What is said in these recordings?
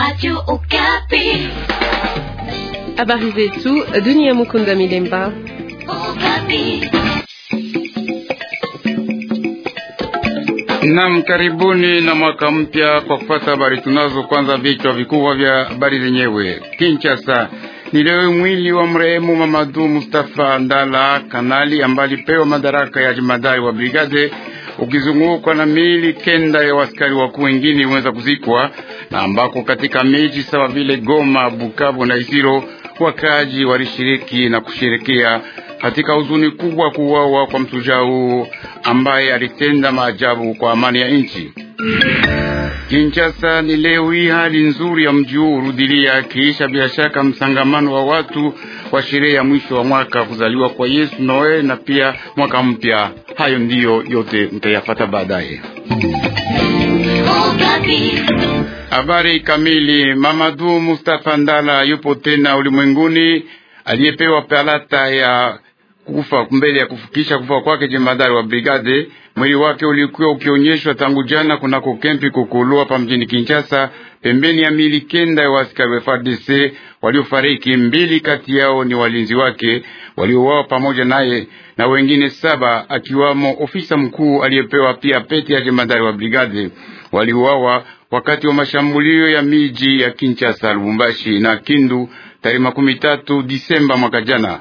Radio Okapi. Habari zetu dunia, Mukunda Milemba. Okapi. Naam, karibuni na mwaka mpya. Kwa kupata habari tunazo kwanza, vichwa vikubwa vya habari zenyewe. Kinshasa ni leo mwili wa mrehemu Mamadu Mustafa Ndala, kanali ambaye alipewa madaraka ya jemadari wa brigade ukizungukwa na mili kenda ya wasikari wakuu wengine huweza kuzikwa, na ambako katika miji sawa vile Goma, Bukavu na Isiro wakaji walishiriki na kusherekea katika huzuni kubwa kuuawa kwa mtujao ambaye alitenda maajabu kwa amani ya nchi. Kinshasa ni leo hii hali nzuri ya mji huu urudilia kiisha bila shaka msangamano wa watu wa sherehe ya mwisho wa mwaka kuzaliwa kwa Yesu Noe na pia mwaka mpya. Hayo ndiyo yote mtayapata baadaye. Habari kamili. Mamadu Mustafa Ndala yupo tena ulimwenguni, aliyepewa palata ya kufa mbele ya kufikisha kufa kwake jemadari wa brigade. Mwili wake ulikuwa ukionyeshwa tangu jana kunako kempi kukuluwa pa mjini Kinshasa, pembeni ya mili kenda ya askari wa FARDC waliofariki. Mbili kati yao ni walinzi wake waliouawa pamoja naye na wengine saba, akiwamo ofisa mkuu aliyepewa pia peti ya jemadari wa brigade. Waliuawa wakati wa mashambulio ya miji ya Kinshasa, Lubumbashi na Kindu tarehe makumi tatu Disemba mwaka jana.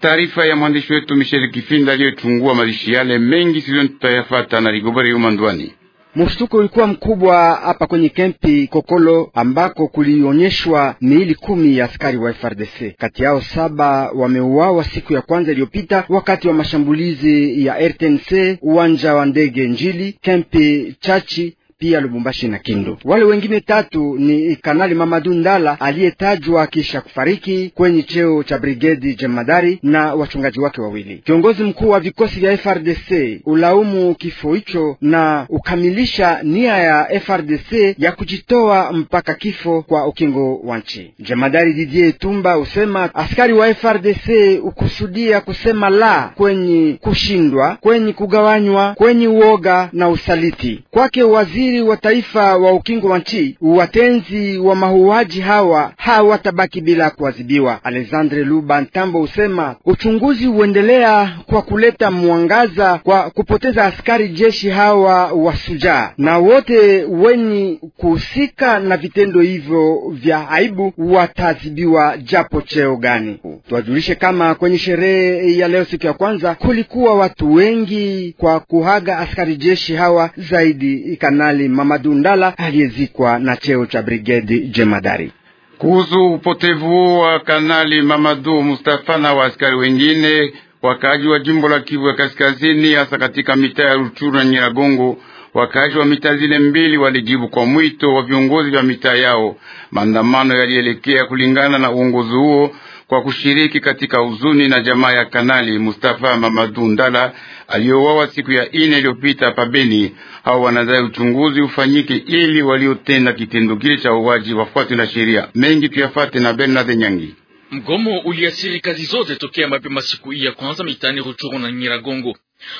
Taarifa ya mwandishi wetu Michel Kifinda aliyochungua mazishi yale mengi tutayafata na Rigoberi Yumandwani. Mshtuko ulikuwa mkubwa hapa kwenye kempi Kokolo ambako kulionyeshwa miili kumi ya askari wa FRDC, kati yao saba wameuawa siku ya kwanza iliyopita wakati wa mashambulizi ya RTNC uwanja wa ndege Njili, kempi Chachi pia Lubumbashi na Kindu. Wale wengine tatu ni Kanali Mamadu Ndala aliyetajwa kisha kufariki kwenye cheo cha brigedi jemadari na wachungaji wake wawili. Kiongozi mkuu wa vikosi vya FRDC ulaumu kifo hicho na ukamilisha nia ya FRDC ya kujitoa mpaka kifo kwa ukingo wa nchi. Jemadari Didier tumba usema askari wa FRDC ukusudia kusema la kwenye kushindwa, kwenye kugawanywa, kwenye uoga na usaliti kwake waziri waziri wa taifa wa ukingo wa nchi, watenzi wa mauaji hawa hawatabaki bila kuadhibiwa. Alexandre Luba Ntambo husema uchunguzi huendelea kwa kuleta mwangaza kwa kupoteza askari jeshi hawa wasujaa, na wote wenye kuhusika na vitendo hivyo vya aibu wataadhibiwa japo cheo gani. Tuwajulishe kama kwenye sherehe ya leo siku ya kwanza kulikuwa watu wengi kwa kuhaga askari jeshi hawa zaidi kanali Kanali Mamadu Ndala aliyezikwa na cheo cha brigedi jemadari. Kuhusu upotevu wa Kanali Mamadu Mustafa na waaskari wengine, wakaaji wa jimbo la Kivu ya Kaskazini, hasa katika mitaa ya Ruchuru na Nyiragongo, wakaaji wa mitaa zile mbili walijibu kwa mwito wa viongozi vya mitaa yao. Maandamano yalielekea kulingana na uongozi huo kwa kushiriki katika huzuni na jamaa ya Kanali Mustafa Mamadu Ndala aliyowawa siku ya ine iliyopita pabeni. Hao wanadai uchunguzi ufanyike ili waliotenda kitendo kile cha uwaji wafuate na sheria. Mengi tuyafate na Bernard Nyangi. Mgomo uliasiri kazi zote tokea mapema siku hii ya kwanza mitaani Ruchuru na Nyiragongo.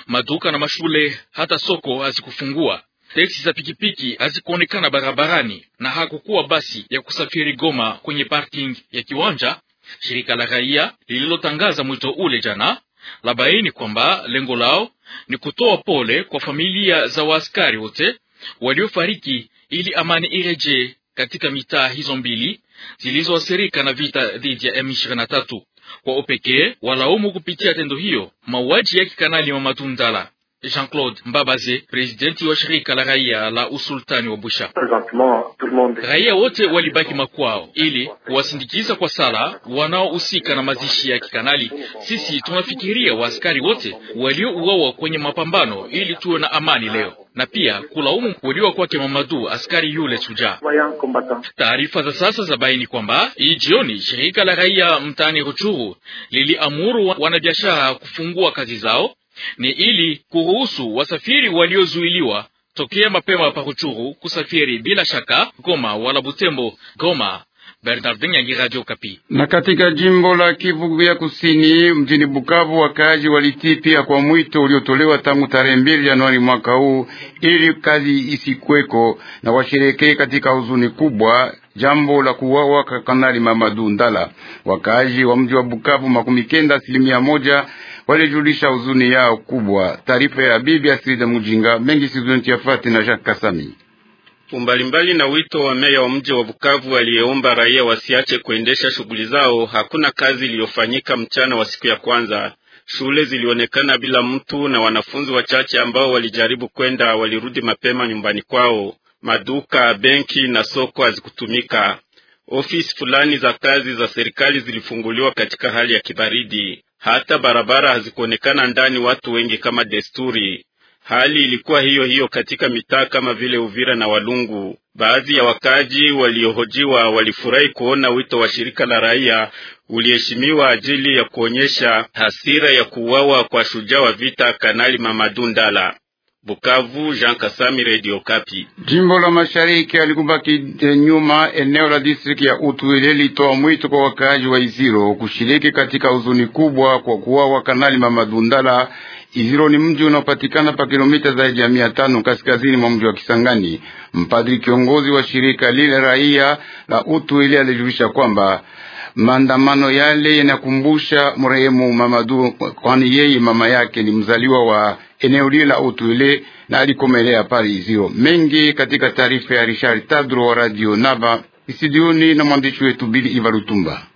Maduka na mashule hata soko hazikufungua, teksi za pikipiki hazikuonekana barabarani, na hakukuwa basi ya kusafiri Goma kwenye parking ya kiwanja Shirika la raia lililotangaza mwito ule jana labaini kwamba lengo lao ni kutoa pole kwa familia za waaskari wote waliofariki ili amani ireje katika mitaa hizo mbili zilizoathirika na vita dhidi ya M23. Kwa upekee walaumu kupitia tendo hiyo mauaji ya kikanali Mamatundala. Jean-Claude Mbabaze, presidenti wa shirika la raia la usultani wa Busha. Raia wote walibaki makwao ili kuwasindikiza kwa sala wanaohusika na mazishi ya kikanali. Sisi tunafikiria waaskari wote waliouawa kwenye mapambano ili tuwe na amani leo na pia kulaumu kuuliwa kwake Mamadu askari yule suja Taarifa za sasa za baini kwamba hii jioni shirika la raia mtaani Ruchuru liliamuru wanabiashara kufungua kazi zao ni ili kuruhusu wasafiri waliozuiliwa tokea mapema pa Ruchuru kusafiri bila shaka Goma wala Butembo. Goma, Bernardin Yangi, Radio Kapi. Na katika jimbo la Kivu ya Kusini, mjini Bukavu, wakaaji walitipia kwa mwito uliotolewa tangu tarehe mbili Januari mwaka huu ili kazi isikweko na washerekee katika huzuni kubwa jambo la kuwawa Kanali Mamadu Ndala. Wakaaji wa mji wa Bukavu makumi kenda asilimia moja walijulisha huzuni yao kubwa. Taarifa ya bibi Asida Mujinga mengi sizonti yafati na Jacques Kasami umbalimbali na wito wa meya wa mji wa Bukavu aliyeomba raia wasiache kuendesha shughuli zao. Hakuna kazi iliyofanyika mchana wa siku ya kwanza. Shule zilionekana bila mtu na wanafunzi wachache ambao walijaribu kwenda walirudi mapema nyumbani kwao. Maduka, benki na soko hazikutumika. Ofisi fulani za kazi za serikali zilifunguliwa katika hali ya kibaridi hata barabara hazikuonekana ndani watu wengi kama desturi. Hali ilikuwa hiyo hiyo katika mitaa kama vile Uvira na Walungu. Baadhi ya wakaji waliohojiwa walifurahi kuona wito wa shirika la raia uliheshimiwa ajili ya kuonyesha hasira ya kuuawa kwa shujaa wa vita Kanali Mamadu Ndala. Bukavu, Jean Kasami, Radio Kapi. Jimbo la mashariki alikubaki nyuma. Eneo la district ya Utwile litoa mwito kwa wakaaji wa Iziro kushiriki katika huzuni kubwa kwa kuwawa Kanali mamadundala Iziro ni mji unaopatikana pa kilomita zaidi ya mia tano kaskazini mwa mji wa Kisangani. Mpadri kiongozi wa shirika lile raia la Utwile alijulisha kwamba maandamano yale yanakumbusha marehemu Mamadu, kwani yeye mama yake ni mzaliwa wa eneo lile la Utwele na alikomelea parizio mengi. Katika taarifa ya Richard Tadro wa Radio Naba, isidioni na mwandishi wetu Bili Ivalutumba.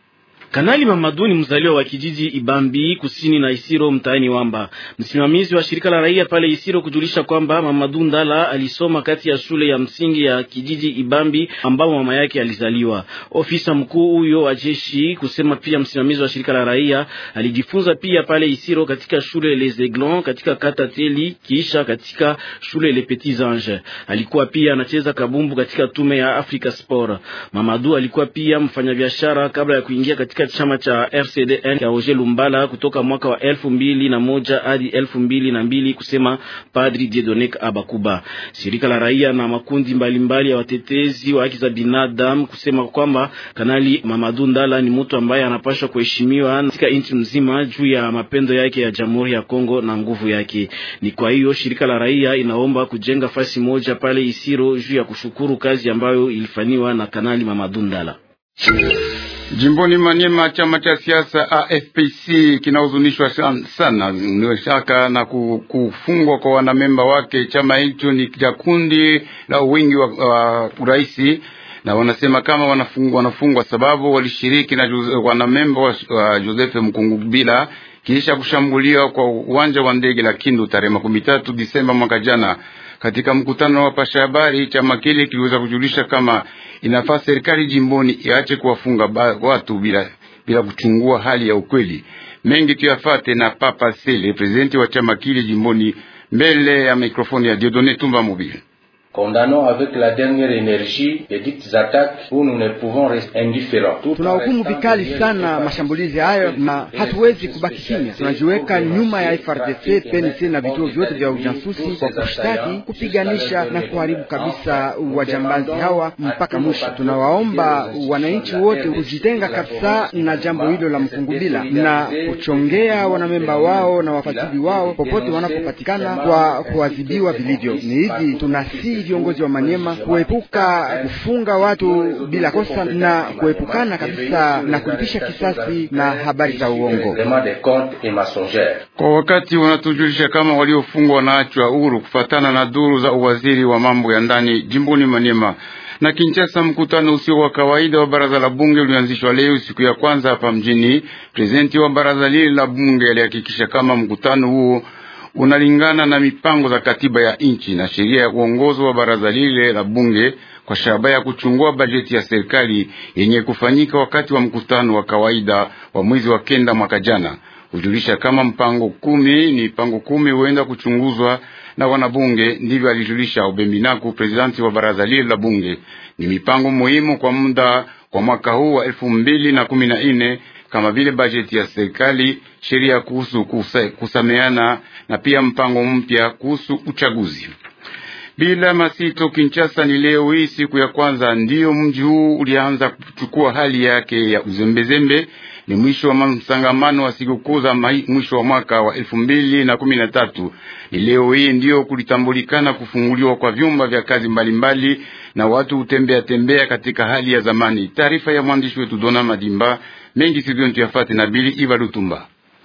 Kanali Mamaduni mzaliwa wa kijiji Ibambi kusini na Isiro mtaani Wamba, msimamizi wa shirika la raia pale Isiro, kujulisha kwamba Mamadu Ndala alisoma kati ya shule ya msingi ya kijiji Ibambi ambao mama yake alizaliwa. Ofisa mkuu huyo wa jeshi kusema pia msimamizi wa shirika la raia alijifunza pia pale Isiro katika shule Les katika kata Teli, kisha katika shule Les Petits Anges. Alikuwa pia anacheza kabumbu katika tume ya Africa Sport. Mamadu alikuwa pia mfanyabiashara kabla ya kuingia katika katika chama cha RCDN ya Roger Lumbala kutoka mwaka wa elfu mbili na moja hadi elfu mbili na mbili kusema Padri Diedonek Abakuba. Shirika la raia na makundi mbalimbali mbali ya watetezi wa haki za binadamu kusema kwamba Kanali Mamadu Ndala ni mtu ambaye anapaswa kuheshimiwa katika nchi mzima juu ya mapendo yake ya Jamhuri ya Kongo na nguvu yake. Ni kwa hiyo shirika la raia inaomba kujenga fasi moja pale Isiro juu ya kushukuru kazi ambayo ilifanywa na Kanali Mamadu Ndala. Jimboni manyema chama cha siasa AFPC kinahuzunishwa sana nshaka na kufungwa kwa wanamemba wake. Chama hicho ni cha kundi la wingi wa, wa uraisi na wanasema kama wanafungwa, wanafungwa sababu walishiriki na wanamemba wa, wa Joseph bila kisha kushambuliwa kwa uwanja wa ndege la Kindu tarehe makumi tatu Disemba mwaka jana. Katika mkutano wa pasha habari, chama kile kiliweza kujulisha kama inafaa serikali jimboni iache kuwafunga watu bila, bila kuchungua hali ya ukweli. Mengi tuyafate na Papa Sele, presidenti wa chama kile jimboni, mbele ya mikrofoni ya Diodone Tumba Mobile. Condamnons avec la dernière énergie les dites attaques où nous ne pouvons rester indifférents. Tunahukumu vikali sana mashambulizi hayo na hatuwezi kubaki kimya. Tunajiweka nyuma ya FRDC, PNC na vituo vyote vya ujasusi kwa kushtaki, kupiganisha na kuharibu kabisa wajambazi hawa mpaka mwisho. Tunawaomba wananchi wote kujitenga kabisa na jambo hilo la mkungubila na kuchongea wanamemba wao na wafadhili wao popote wanapopatikana kwa kuadhibiwa vilivyo. Ni hivi tunasi viongozi wa Manyema kuepuka kufunga watu bila kosa na kuepukana kabisa na kulipisha kisasi na habari za uongo. Kwa wakati wanatujulisha kama waliofungwa wanaachwa huru kufatana na duru za uwaziri wa mambo ya ndani jimboni Manyema na Kinshasa. Mkutano usio wa kawaida wa baraza la bunge ulianzishwa leo siku ya kwanza hapa mjini. Prezidenti wa baraza lile la bunge alihakikisha kama mkutano huo unalingana na mipango za katiba ya nchi na sheria ya uongozi wa baraza lile la bunge kwa shabaha ya kuchungua bajeti ya serikali yenye kufanyika wakati wa mkutano wa kawaida wa mwezi wa kenda mwaka jana. Hujulisha kama mpango kumi ni mpango kumi huenda kuchunguzwa na wanabunge, ndivyo alijulisha Ubeminaku, presidenti wa baraza lile la bunge. Ni mipango muhimu kwa muda kwa mwaka huu wa elfu mbili na kumi na nne kama vile bajeti ya serikali, sheria kuhusu kusameana na pia mpango mpya kuhusu uchaguzi. Bila masito, Kinshasa ni leo hii siku ya kwanza ndiyo mji huu ulianza kuchukua hali yake ya uzembezembe. Ni mwisho wa msangamano wa sikukuu za mwisho wa mwaka wa elfu mbili na kumi na tatu. Ni leo hii ndiyo kulitambulikana kufunguliwa kwa vyumba vya kazi mbalimbali mbali, na watu hutembea tembea katika hali ya zamani. Taarifa ya mwandishi wetu Dona Madimba mengi studio ntu ya fate na bili iva Lutumba.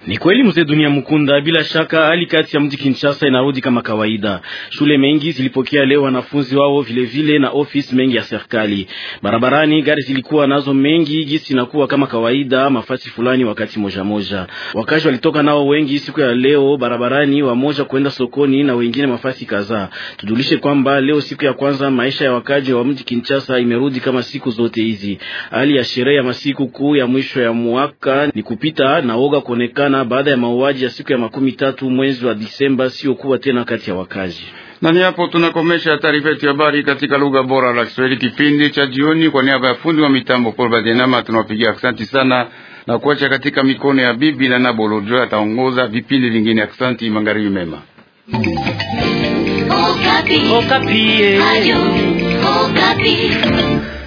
Ni kweli mzee Dunia Mkunda, bila shaka hali kati ya mji Kinshasa inarudi kama kawaida. Shule mengi zilipokea leo wanafunzi wao vilevile vile, na ofisi mengi ya serikali. Barabarani gari zilikuwa nazo mengi, gisi inakuwa kama kawaida mafasi fulani wakati moja moja. Wakazi walitoka nao wengi siku ya leo barabarani, wamoja kwenda sokoni na wengine mafasi kadhaa. Tujulishe kwamba leo siku ya kwanza maisha ya wakaji wa mji Kinshasa imerudi kama siku zote hizi. Hali ya sherehe ya masiku kuu ya mwisho ya mwaka ni kupita na woga kuonekana jana baada ya mauaji ya siku ya makumi tatu mwezi wa Disemba siokuwa tena kati ya wakazi. Na ni hapo tunakomesha taarifa yetu ya habari katika lugha bora la Kiswahili kipindi cha jioni. Kwa niaba ya fundi wa mitambo Paul Badenama tunawapigia asante sana na kuacha katika mikono ya bibi na Nabolojo ataongoza vipindi vingine. Asante, mangaribi mema. Okapi. Okapi. Ayu, Okapi.